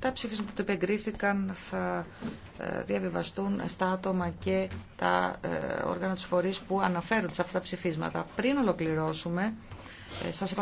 Τα ψηφίσματα που επεγκρίθηκαν θα ε, διαβιβαστούν στα άτομα και τα ε, όργανα της φορείς που αναφέρονται σε αυτά τα ψηφίσματα. Πριν ολοκληρώσουμε, ε, σας